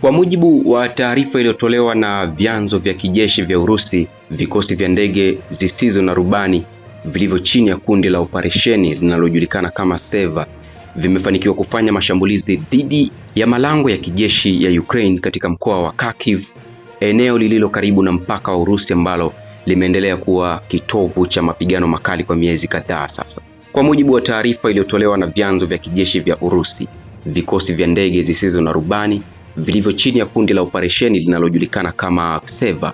Kwa mujibu wa taarifa iliyotolewa na vyanzo vya kijeshi vya Urusi, vikosi vya ndege zisizo na rubani vilivyo chini ya kundi la operesheni linalojulikana kama Seva vimefanikiwa kufanya mashambulizi dhidi ya malango ya kijeshi ya Ukraine katika mkoa wa Kharkiv, eneo lililo karibu na mpaka wa Urusi ambalo limeendelea kuwa kitovu cha mapigano makali kwa miezi kadhaa sasa. Kwa mujibu wa taarifa iliyotolewa na vyanzo vya kijeshi vya Urusi, vikosi vya ndege zisizo na rubani vilivyo chini ya kundi la operesheni linalojulikana kama Seva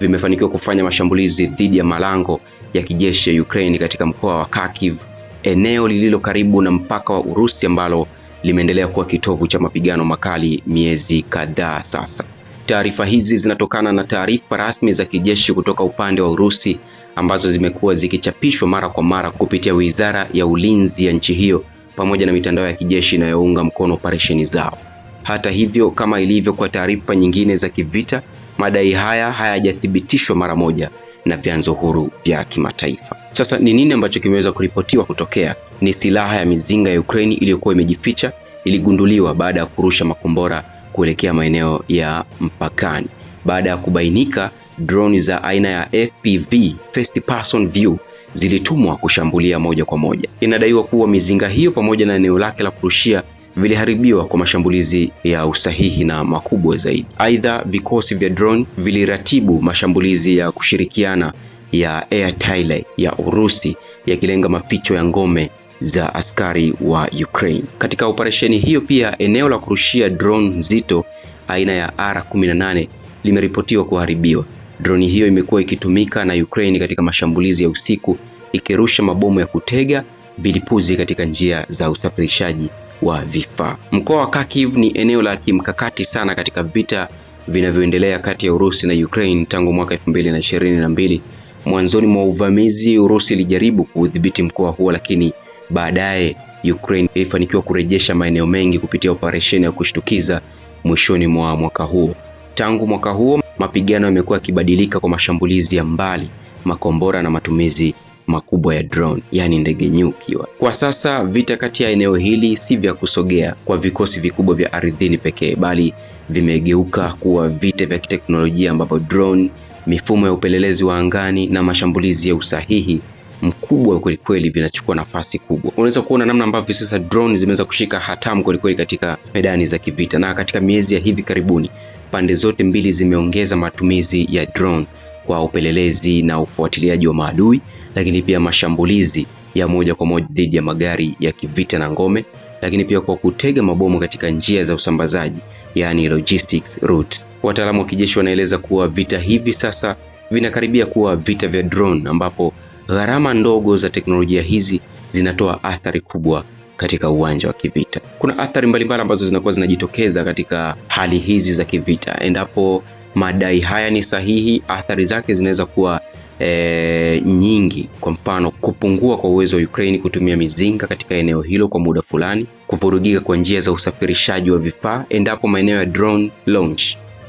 vimefanikiwa kufanya mashambulizi dhidi ya malango ya kijeshi ya Ukraine katika mkoa wa Kharkiv, eneo lililo karibu na mpaka wa Urusi ambalo limeendelea kuwa kitovu cha mapigano makali miezi kadhaa sasa. Taarifa hizi zinatokana na taarifa rasmi za kijeshi kutoka upande wa Urusi ambazo zimekuwa zikichapishwa mara kwa mara kupitia Wizara ya Ulinzi ya nchi hiyo pamoja na mitandao ya kijeshi inayounga mkono operesheni zao. Hata hivyo, kama ilivyo kwa taarifa nyingine za kivita, madai haya hayajathibitishwa mara moja na vyanzo huru vya kimataifa. Sasa ni nini ambacho kimeweza kuripotiwa kutokea? Ni silaha ya mizinga ya Ukraini iliyokuwa imejificha iligunduliwa baada ya kurusha makombora kuelekea maeneo ya mpakani. Baada ya kubainika, droni za aina ya FPV, first person view, zilitumwa kushambulia moja kwa moja. Inadaiwa kuwa mizinga hiyo pamoja na eneo lake la kurushia viliharibiwa kwa mashambulizi ya usahihi na makubwa zaidi. Aidha, vikosi vya drone viliratibu mashambulizi ya kushirikiana ya Air Tile ya Urusi yakilenga maficho ya ngome za askari wa Ukraine. Katika operesheni hiyo pia, eneo la kurushia drone nzito aina ya R18 limeripotiwa kuharibiwa. Droni hiyo imekuwa ikitumika na Ukraine katika mashambulizi ya usiku ikirusha mabomu ya kutega vilipuzi katika njia za usafirishaji wa vifaa. Mkoa wa Kharkiv ni eneo la kimkakati sana katika vita vinavyoendelea kati ya Urusi na Ukraine tangu mwaka 2022. Mwanzoni mwa uvamizi, Urusi ilijaribu kuudhibiti mkoa huo, lakini baadaye Ukraine ilifanikiwa kurejesha maeneo mengi kupitia operesheni ya kushtukiza mwishoni mwa mwaka huo. Tangu mwaka huo, mapigano yamekuwa yakibadilika kwa mashambulizi ya mbali, makombora na matumizi makubwa ya drone, yani ndege nyukiwa. Kwa sasa vita kati ya eneo hili si vya kusogea kwa vikosi vikubwa vya ardhini pekee, bali vimegeuka kuwa vita vya kiteknolojia ambapo drone, mifumo ya upelelezi wa angani na mashambulizi ya usahihi mkubwa kwelikweli vinachukua nafasi kubwa. Unaweza kuona namna ambavyo sasa drone zimeweza kushika hatamu kwelikweli katika medani za kivita, na katika miezi ya hivi karibuni pande zote mbili zimeongeza matumizi ya drone kwa upelelezi na ufuatiliaji wa maadui, lakini pia mashambulizi ya moja kwa moja dhidi ya magari ya kivita na ngome, lakini pia kwa kutega mabomu katika njia za usambazaji, yaani logistics routes. Wataalamu wa kijeshi wanaeleza kuwa vita hivi sasa vinakaribia kuwa vita vya drone, ambapo gharama ndogo za teknolojia hizi zinatoa athari kubwa katika uwanja wa kivita. Kuna athari mbalimbali ambazo zinakuwa zinajitokeza katika hali hizi za kivita endapo madai haya ni sahihi, athari zake zinaweza kuwa E, nyingi. Kwa mfano, kupungua kwa uwezo wa Ukraine kutumia mizinga katika eneo hilo kwa muda fulani, kuvurugika kwa njia za usafirishaji wa vifaa endapo maeneo ya drone launch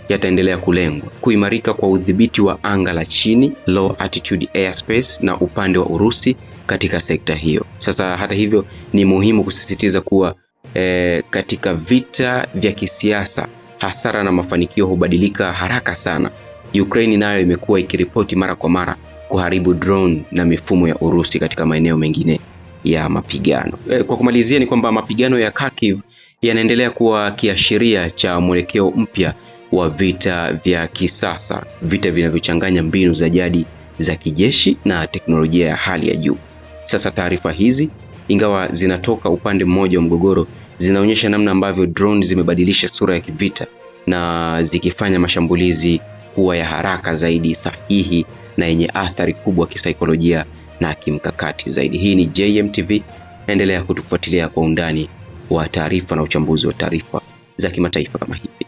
yataendelea kulengwa, kuimarika kwa udhibiti wa anga la chini low altitude airspace na upande wa Urusi katika sekta hiyo. Sasa hata hivyo, ni muhimu kusisitiza kuwa e, katika vita vya kisiasa hasara na mafanikio hubadilika haraka sana. Ukraine nayo imekuwa ikiripoti mara kwa mara kuharibu drone na mifumo ya Urusi katika maeneo mengine ya mapigano. E, kwa kumalizia, ni kwamba mapigano ya Kharkiv yanaendelea kuwa kiashiria cha mwelekeo mpya wa vita vya kisasa, vita vinavyochanganya mbinu za jadi za kijeshi na teknolojia ya hali ya juu. Sasa taarifa hizi ingawa zinatoka upande mmoja wa mgogoro, zinaonyesha namna ambavyo drone zimebadilisha sura ya kivita na zikifanya mashambulizi kuwa ya haraka zaidi, sahihi na yenye athari kubwa kisaikolojia na kimkakati zaidi. Hii ni JMTV, endelea kutufuatilia kwa undani wa taarifa na uchambuzi wa taarifa za kimataifa kama hivi.